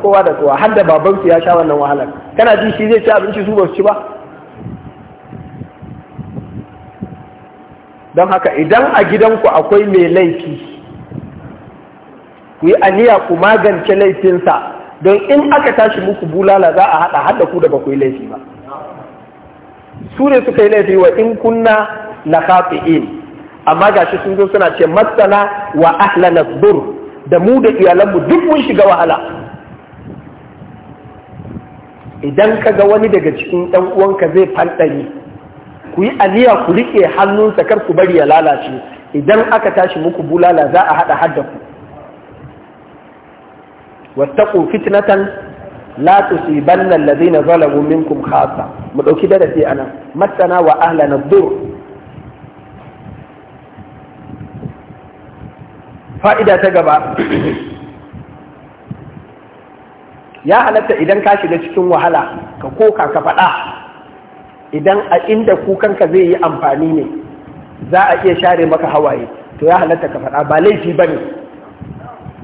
kowa da kowa har da su ya sha wannan wahalar kana ji shi zai ci abinci su ba su ci ba don haka idan a gidanku akwai mai laifi ku yi aniya ku magance laifinsa don in aka tashi muku bulala za a haɗa haɗa ku da ba ku yi laifi ba su ne suka yi laifi wa in kunna la khati'in amma gashi sun zo suna ce masana wa ahlana dur da mu da iyalanmu duk mun shiga wahala idan ka ga wani daga cikin ɗan uwanka zai fanɗari ku yi aliya ku riƙe hannunsa kar ku bari ya lalace idan aka tashi muku bulala za a haɗa hadda ku wattaku fitnatan la tusibanna alladhina zalamu minkum khassa mu dauki darasi anan matsana wa ahlana dur fa'ida ta gaba ya halatta idan ka shiga cikin wahala ka koka ka faɗa idan a inda kukanka zai yi amfani ne za a iya share maka hawaye to ya halatta ka faɗa ba laifi ba ne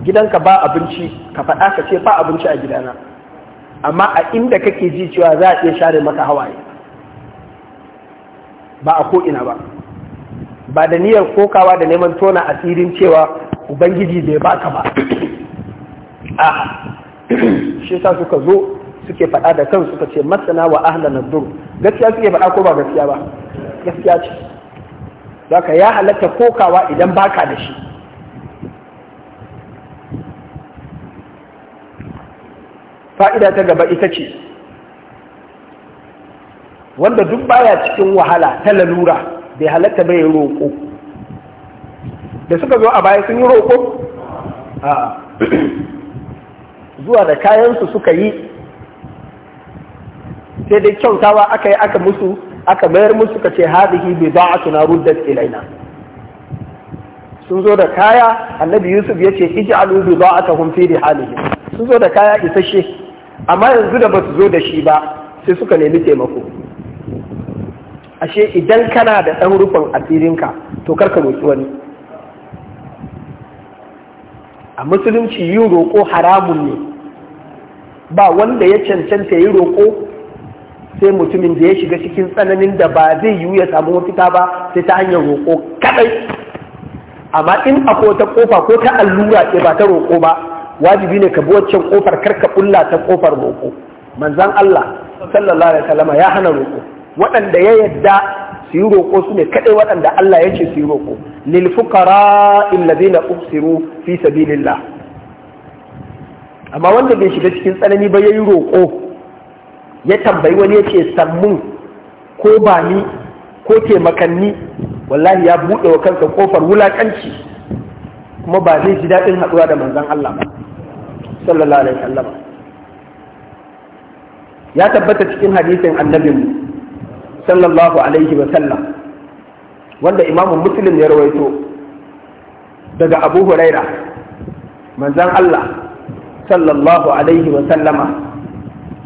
gidanka ba abinci ka faɗa ka ce ba abinci a gidana amma a inda kake ji cewa za a iya share maka hawaye ba a ko'ina ba ba da niyyar kokawa da neman tona asirin cewa ubangiji bai baka ba a shi sa suka zo suke faɗa da kansu suka ce masana wa ahlan dur gaskiya suke faɗa ko ba gaskiya ba gaskiya ce zaka ya halatta kokawa idan baka da shi fa'ida ta gaba ita ce wanda duk baya cikin wahala ta lalura bai halatta bai roƙo da suka zo a baya sun yi roƙo zuwa da kayansu suka yi sai dai kyautawa aka yi aka musu aka mayar musu ka ce haɗihi bai za a suna ruddat ilaina sun zo da kaya annabi yusuf ya ce iji alubi za a ta hunfe da halihi sun zo da kaya isasshe amma yanzu da ba su zo da shi ba sai suka nemi taimako ashe idan kana da ɗan rufin asirinka to karka roƙi wani a musulunci yin roƙo haramun ne ba wanda ya cancanta yi roƙo sai mutumin da ya shiga cikin tsananin da ba zai yiwu ya samu mafita ba sai ta hanyar roƙo kaɗai amma in akwai ta ƙofa ko ta allura ce ba ta roƙo ba wajibi ne ka bi waccan kofar karka bulla ta kofar roƙo manzan Allah sallallahu alaihi wasallama ya hana roƙo waɗanda ya yadda su yi roƙo su ne kaɗai waɗanda Allah ya ce su yi roƙo lil fuqara alladhina usiru fi sabilillah amma wanda bai shiga cikin tsanani ba ya yi roƙo ya tambayi wani ya ce sammun ko ba ni ko taimakanni wallahi ya buɗe wa kansa kofar wulakanci. kuma ba zai ji daɗin haɗuwa da manzon Allah ba sallallahu alaihi wasallam ya tabbata cikin hadisin annabin sallallahu alaihi wasallam wanda imamu muslim ya rawaito daga abu huraira manzan allah sallallahu alaihi wasallam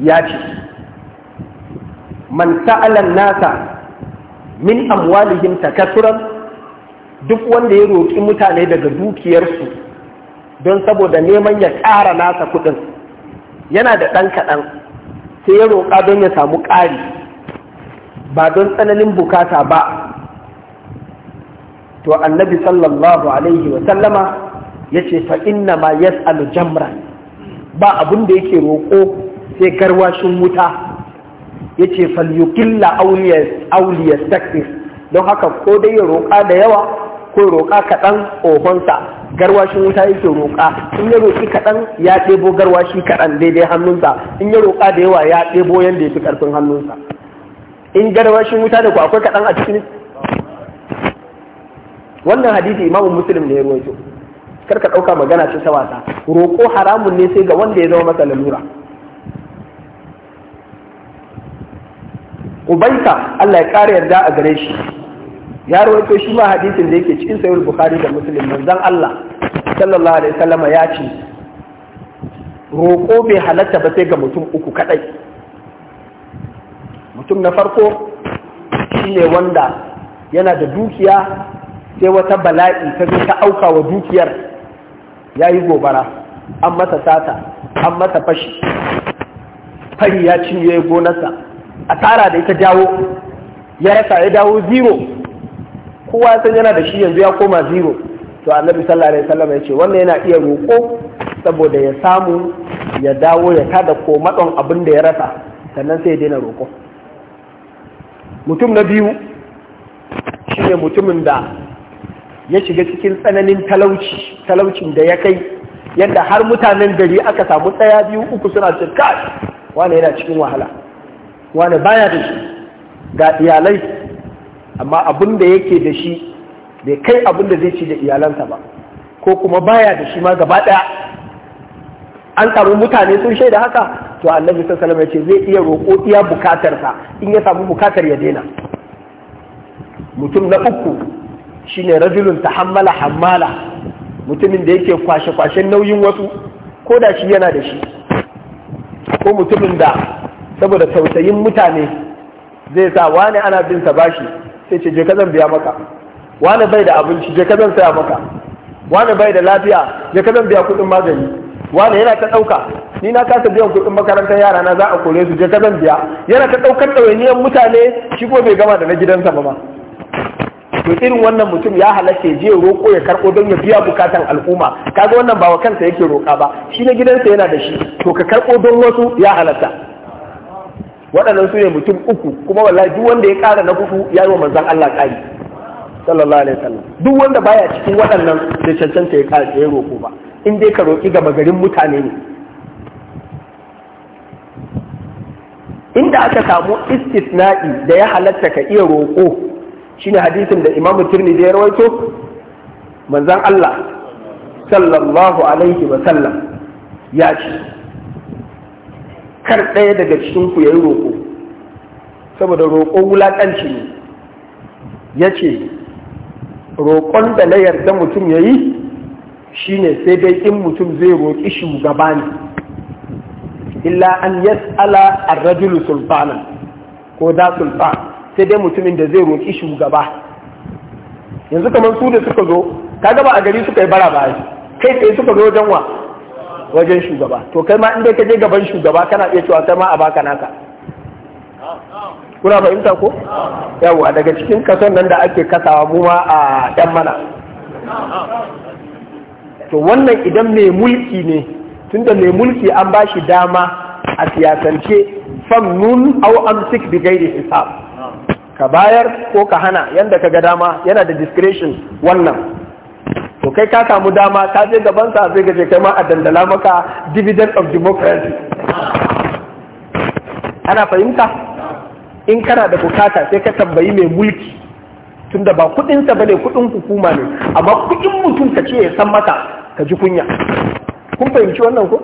ya ce man sa'alan nasa min amwalihim takasuran duk wanda ya roƙi mutane daga dukiyarsu don saboda neman ya ƙara nasa kuɗin yana da ɗan kaɗan sai ya roƙa don ya samu ƙari ba don tsananin bukata ba to annabi sallallahu alaihi wa sallama ya ce fa inna ma yas jamra ba abin da yake roƙo sai garwashin wuta ya ce falyukilla auliyar takfir don haka ko dai ya roƙa da yawa ko roƙa kaɗan ohonsa garwashin wuta yake roƙa in ya roƙi kaɗan ya ɗebo garwashi kaɗan daidai hannunsa in ya roƙa da yawa ya ɗebo yadda ya fi ƙarfin hannunsa in garwashin wuta da ku akwai kaɗan a cikin wannan hadisi imamu muslim ne ya ruwaito kar ka ɗauka magana ta wasa roƙo haramun ne sai ga wanda ya zama masa lalura ubaita Allah ya ƙara yarda a gare shi ya rawaito shi ma hadisin da yake cikin sahih bukhari da muslim zan Allah sallallahu alaihi wasallam ya ce roƙo bai halatta ba sai ga mutum uku kaɗai, mutum na farko shi ne wanda yana da dukiya sai wata bala'i ta zo ta auka wa dukiyar ya yi gobara an masa sata an masa fashi fari ya cinye gonarsa a tara da ita jawo ya rasa ya dawo zero kowa san yana da shi yanzu ya koma zero to annabi sallallahu alaihi wasallam ya ce wannan yana iya roƙo saboda ya samu ya dawo ya tada komatson abin da ya rasa sannan sai ya daina roƙo mutum na biyu shine mutumin da ya shiga cikin tsananin talauci talaucin da ya kai yadda har mutanen gari aka samu tsaya biyu uku suna ce kai wane yana cikin wahala wane baya da shi ga iyalai amma abin da yake da shi bai kai abin da zai ci da iyalansa ba ko kuma baya da shi ma gaba ɗaya an samu mutane sun shaida haka to annabi sallallahu ya ce zai iya roƙo iya bukatarsa in ya samu bukatar ya daina mutum na uku shine rajulun tahammala hammala mutumin da yake kwashe kwashen nauyin wasu ko da shi yana da shi ko mutumin da saboda tausayin mutane zai sa wani ana bin sa bashi sai ce je biya maka wani bai da abinci je ka zan saya maka wani bai da lafiya je ka zan biya kuɗin magani wani yana ta ɗauka ni na kasa biyan kuɗin makarantar yara na za a kore su je ka zan biya yana ta ɗaukar ɗawainiyar mutane shi ko bai gama da na gidansa ba ma to irin wannan mutum ya halatta je roƙo ya karɓo don ya biya bukatan al'umma kaga wannan ba wa kansa yake roƙa ba shi na gidansa yana da shi to ka karɓo don wasu ya halatta waɗannan su ne mutum uku kuma wallahi duk wanda ya ƙara na hudu ya yi wa manzan Allah ƙari sallallahu alaihi wasallam duk wanda baya cikin waɗannan da cancanta ya ƙara ya roƙo ba in dai ka roƙi gama garin mutane ne inda aka samu istisna'i da ya halatta ka iya roƙo shine hadisin da Imam tirmidhi ya rawaito manzan Allah sallallahu alaihi wasallam ya ce kar ɗaya daga cikin ku yayi roƙo saboda roƙo wulaƙanci ne ya ce roƙon da na yarda mutum ya yi shi ne sai dai in mutum zai roƙi shugaba ne illa an yas'ala ar-rajulu sultanan ko da sulfa sai dai mutumin da zai roƙi shugaba yanzu kamar su da suka zo kaga ba a gari suka yi bara ba kai kai suka zo wajen wa wajen shugaba to kai ma inda ka je gaban shugaba kana iya cewa kai ma a baka naka kuna fahimta ko yawa daga cikin kason nan da ake kasawa mu ma a ɗan mana to wannan idan mai mulki ne tunda mai mulki an ba shi dama a siyasance fam nun au amsik bi gairi hisab ka bayar ko ka hana yanda ka ga dama yana da discretion wannan kai ka samu dama ka je gaban sa sai gaje kai ma a dandala maka dividend of democracy ana fahimta in kana da bukata sai ka tambayi mai mulki tunda ba sa bane kudin hukuma ne amma kudin mutum ka ce ya san maka ka ji kunya kun fahimci wannan ko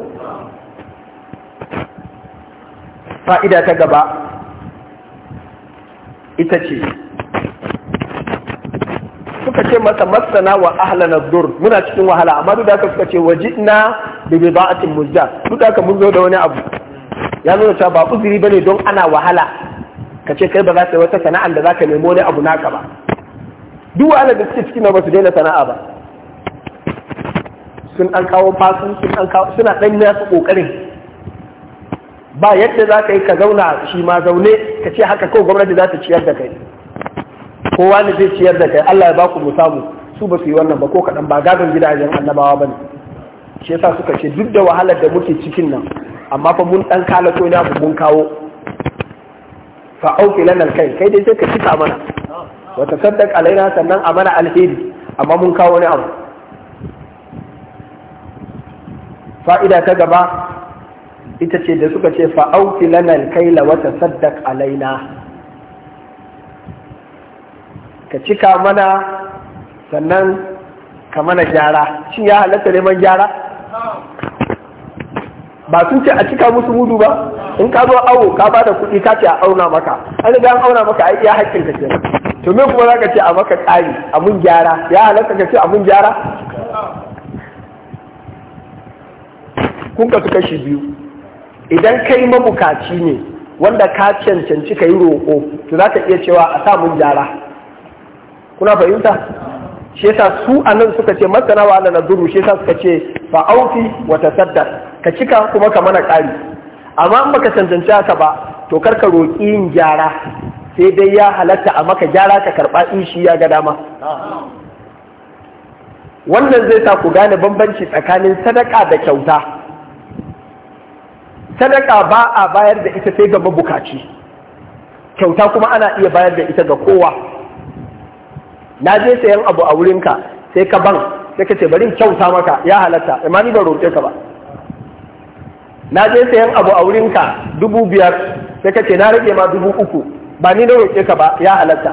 fa'ida ta gaba ita ce suka ce masa masana wa ahlana dur muna cikin wahala amma duk da haka suka ce wajidna bi bida'atin muzda duk da haka mun zo da wani abu ya nuna cewa ba uzuri bane don ana wahala ka ce kai ba za ka yi wata sana'an da za ka nemo wani abu naka ba duk wahalar da suke cikin ba su daina sana'a ba sun an kawo fasin sun an kawo suna dan su kokarin ba yadda za ka yi ka zauna shi ma zaune ka ce haka kawai gwamnati za ta ciyar da kai kowa ne zai ciyar da kai Allah ya ba mu samu su ba su yi wannan ba ko kaɗan ba gadon gidajen annabawa ba ne shi yasa suka ce duk da wahalar da muke cikin nan amma fa mun ɗan kala ko na mun kawo fa auki lana kai kai dai sai ka cika mana wa tasaddaq alaina sannan a mana alheri amma mun kawo ne abu fa'ida ta gaba ita ce da suka ce fa auki lana kai la wa tasaddaq alaina ka cika mana sannan ka mana gyara shin ya halatta neman gyara ba sun ce a cika musu mudu ba in ka zo awo ka ba da kuɗi ka ce a auna maka an riga an auna maka a iya hakkin ka ce to me kuma za ka ce a maka ƙari a mun gyara ya halatta ka ce a mun gyara kun ka suka kashi biyu idan kai mabukaci ne wanda ka cancanci ka yi roƙo to za ka iya cewa a sa mun gyara kuna fahimta shi yasa su anan suka ce masana wa Allah naduru shi yasa suka ce fa auti wa tasaddaq ka cika kuma ka mana kari amma in baka cancanci haka ba to kar ka roƙi yin gyara sai dai ya halatta a maka gyara ka karɓa in shi ya ga dama wannan zai sa ku gane bambanci tsakanin sadaka da kyauta sadaka ba a bayar da ita sai ga mabukaci kyauta kuma ana iya bayar da ita ga kowa na je sayan abu a wurinka sai ka ban sai ka ce bari in kyauta maka ya halatta amma ni ban roƙe ka ba na je sayan abu a wurinka dubu biyar sai ka ce na rage ma dubu uku ba ni na roƙe ka ba ya halatta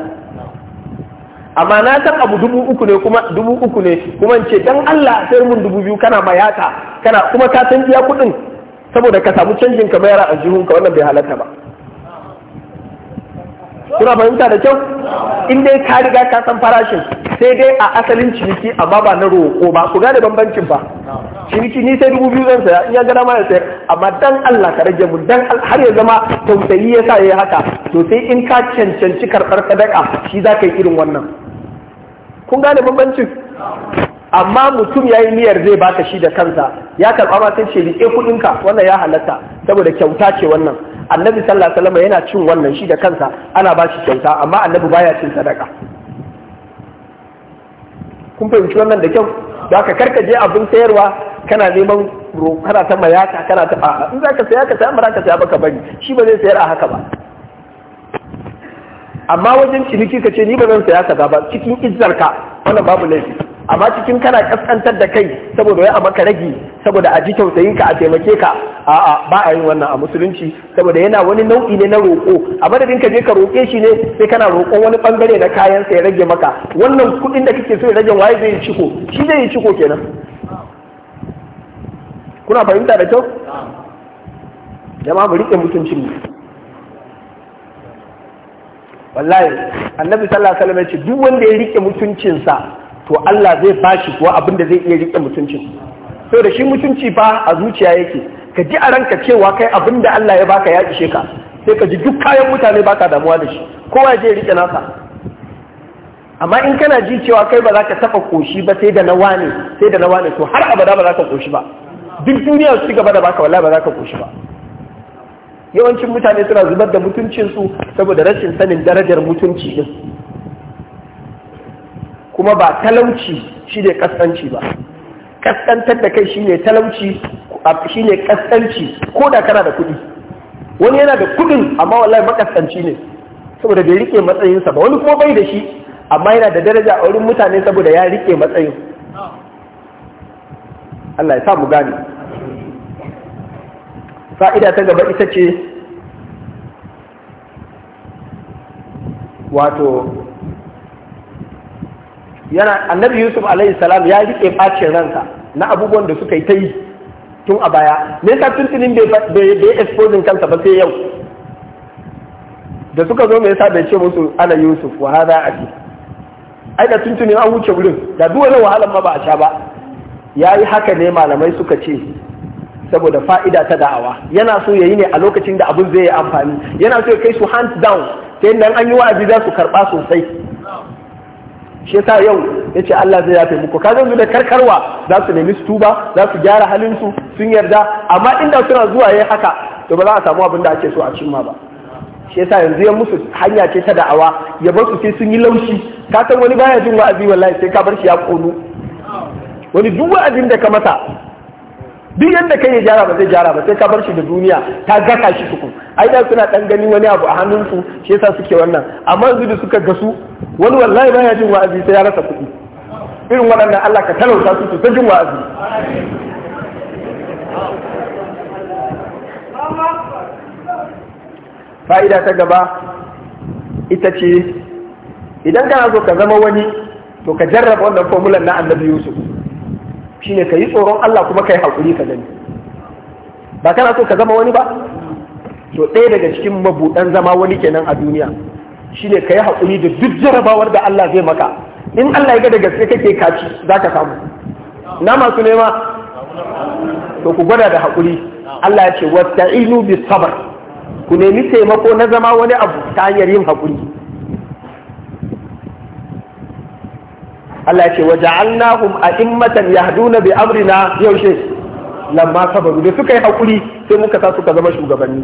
amma na san abu dubu uku ne kuma dubu uku ne kuma in ce dan Allah sai mun dubu biyu kana mayata kana kuma ka san biya kuɗin saboda ka samu canjin ka mayar a jihun ka wannan bai halatta ba kuna fahimta da kyau in dai ka riga ka san farashin sai dai a asalin ciniki amma ba na roƙo ba ku gane bambancin ba ciniki ni sai dubu biyu zan saya in ya gana ma ya sayar amma dan Allah ka rage mu dan har ya zama tausayi ya sa ya yi haka to sai in ka cancanci karɓar sadaka shi za ka yi irin wannan kun gane bambancin amma mutum ya yi niyyar zai baka shi da kansa ya karɓa ma sai ce riƙe kuɗinka wannan ya halatta saboda kyauta ce wannan annabi sallallahu alaihi wasallam yana cin wannan shi da kansa ana ba shi kyauta amma annabi baya cin sadaka kun fahimci wannan da kyau da ka karka je abin sayarwa kana neman kana ta mayaka kana ta a'a in zaka saya ka saya maraka ka saya baka bari shi ba zai sayar a haka ba amma wajen ciniki ka ce ni ba zan saya ka ba cikin izzarka wannan babu laifi amma cikin kana kaskantar da kai saboda wai a maka ragi saboda a ji tausayin ka a taimake ka a'a ba a yin wannan a musulunci saboda yana wani nau'i ne na roƙo a madadin ka je ka roƙe shi ne sai kana roƙon wani bangare na kayan sa ya rage maka wannan kuɗin da kake so ya rage waye zai yi ciko shi zai yi ciko kenan kuna fahimta da kyau jama'a mu riƙe mutuncin mu wallahi annabi sallallahu alaihi wasallam ya ce duk wanda ya rike mutuncinsa to Allah zai bashi kuwa abinda da zai iya rike mutuncin to da shi mutunci fa a zuciya yake ka ji a ranka cewa kai abin Allah ya baka ya ishe ka sai ka ji duk kayan mutane baka damuwa da shi kowa zai rike nasa amma in kana ji cewa kai ba za ka taba koshi ba sai da na wane sai da na wane to har abada ba za ka koshi ba duk duniya su gaba da baka wallahi ba za ka koshi ba yawancin mutane suna zubar da mutuncinsu saboda rashin sanin darajar mutunci din kuma ba talauci shi ne kaskanci ba kaskantar da kai shi ne talauci shi ne kaskanci ko da kana da kuɗi wani yana da kuɗin amma wallahi makaskanci ne saboda bai rike matsayinsa ba wani kuma bai da shi amma yana da daraja a wurin mutane saboda ya rike matsayin Allah ya sa mu gane fa'ida ta gaba ita ce wato yana annabi yusuf alaihi salam ya rike bacin ranka na abubuwan da suka yi ta yi tun a baya me sa tuntunin bai exposing kansa ba sai yau da suka zo me yasa bai ce musu ala yusuf wa hada aki ai da tuntunin an wuce wurin da duk wani wahalan ma ba a sha ba Ya yi haka ne malamai suka ce saboda fa'ida ta da'awa yana so ya yi ne a lokacin da abun zai yi amfani yana so ya kai su hands down sai nan an yi wa'azi za su karɓa sosai shi sa yau ya ce Allah zai yafe muku ka yanzu da karkarwa za su nemi su tuba za su gyara halin su sun yarda amma inda suna zuwa yayi haka to ba za a samu abin da ake so a cimma ba shi yasa yanzu ya musu hanya ce ta da'awa ya bar su sai sun yi laushi ka san wani baya jin wa'azi wallahi sai ka bar shi ya kono wani duk wa'azin da ka masa duk yadda kai ya gyara ba zai gyara ba sai ka bar shi da duniya ta gaka shi tukun ai da suna dan gani wani abu a hannunsu shi yasa suke wannan amma yanzu da suka gasu wani wallahi baya jin wa'azi sai ya rasa kuɗi irin waɗannan Allah ka talauta su su jin wa'azi fa'ida ta gaba ita ce idan kana so ka zama wani to ka jarraba wannan fomulan na annabi Yusuf shine ka yi tsoron Allah kuma ka yi haƙuri ka gani ba kana so ka zama wani ba to ɗaya daga cikin mabuɗan zama wani kenan a duniya shi ne ka yi haƙuri da duk jarabawar da Allah zai maka in Allah ya ga da gaske kake kaci za ka samu na masu nema to ku gwada da haƙuri Allah ya ce inu bi sabar ku nemi taimako na zama wani abu ta hanyar yin haƙuri Allah ya ce waja'alnahum a'immatan yahduna bi amrina yaushe lamma sabaru da suka yi haƙuri, sai muka sa suka zama shugabanni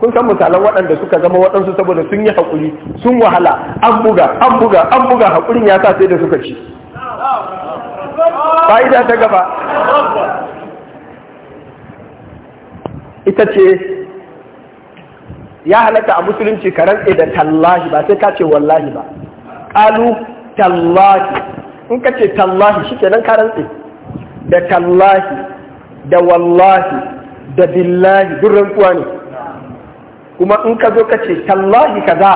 kun san misalan waɗanda suka zama waɗansu saboda sun yi haƙuri, sun wahala an buga an buga an buga haƙurin ya sa sai da suka ci fa'ida ta gaba ita ce ya halatta a musulunci ka rantse da tallahi ba sai ka ce wallahi ba ƙalu tallahi in ka ce tallahi shi kenan ka rantsi? da tallahi da wallahi da billahi duk rantsuwa ne kuma in ka zo ka ce tallahi kaza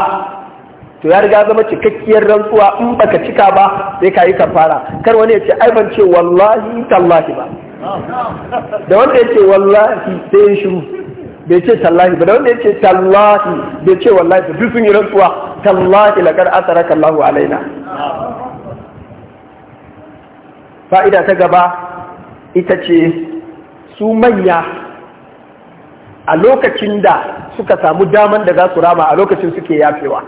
to ya riga zama cikakkiyar rantsuwa in baka cika ba sai ka yi kafara kar wani ya ce ai ban ce wallahi tallahi ba da wanda ya ce wallahi sai ya bai ce tallahi ba da wanda ya ce tallahi bai ce wallahi ba duk sun yi rantsuwa tallahi laqad asara kallahu alaina fa'ida ta gaba ita ce su manya a lokacin da suka samu daman da za su rama a lokacin suke yafewa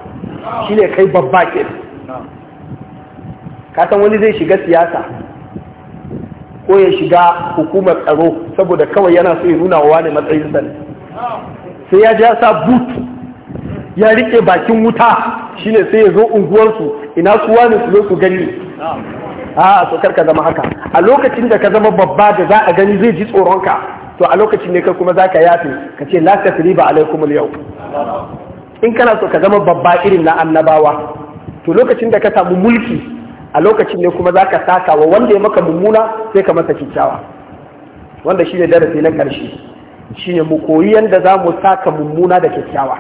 shi ne kai babba ke kasan wani zai shiga siyasa ko ya shiga hukumar tsaro saboda kawai yana so ya nuna wa ne matsayin sani sai ya ja sa but ya rike bakin wuta shi ne sai ya zo unguwarsu ina kuwa ne su zo su gani a so karka zama haka a lokacin da ka zama babba da za a gani zai ji tsoronka to a lokacin ne ka kuma za ka yafe ka ce la tasriba alaikum yau in kana so ka zama babba irin na annabawa to lokacin da ka samu mulki a lokacin ne kuma za ka saka wa wanda ya maka mummuna sai ka masa kyakkyawa wanda shi ne darasi na ƙarshe shi ne mu koyi yadda za mu saka mummuna da kyakkyawa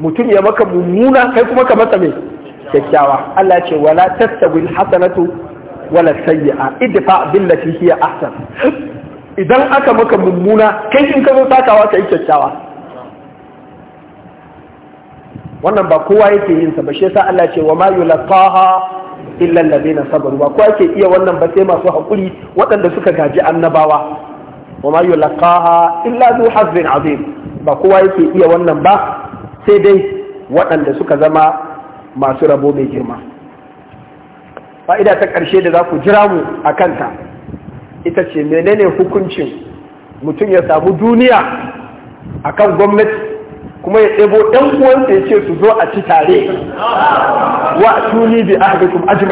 mutum ya maka mummuna kai kuma ka masa mai kyakkyawa Allah ce wala tattawil hasanatu wala sayyi'a idfa billati hiya ahsan idan aka maka mummuna kai in ka zo takawa kai kyakkyawa wannan ba kowa yake yin sa ba shi yasa Allah ce wa ma yulqaha illa alladhina sabaru ba kowa yake iya wannan ba sai masu hakuri waɗanda suka gaji annabawa wa ma yulqaha illa zu hazzin azim ba kowa yake iya wannan ba sai dai waɗanda suka zama masu rabo mai girma fa'ida ta ƙarshe da za ku jira mu a kanta ita ce menene hukuncin mutum ya samu duniya a kan gwamnati kuma ya ɗebo ɗan uwansa ya ce su zo a ci tare wa tuni bi ahdikum abin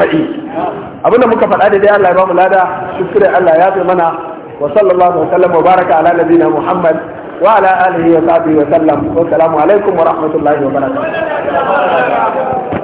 abinda muka faɗa da dai Allah ya ba mu lada shukran Allah ya fi mana wa sallallahu alaihi wa sallam wa baraka ala nabiyina Muhammad وعلى آله وصحبه وسلم والسلام عليكم ورحمة الله وبركاته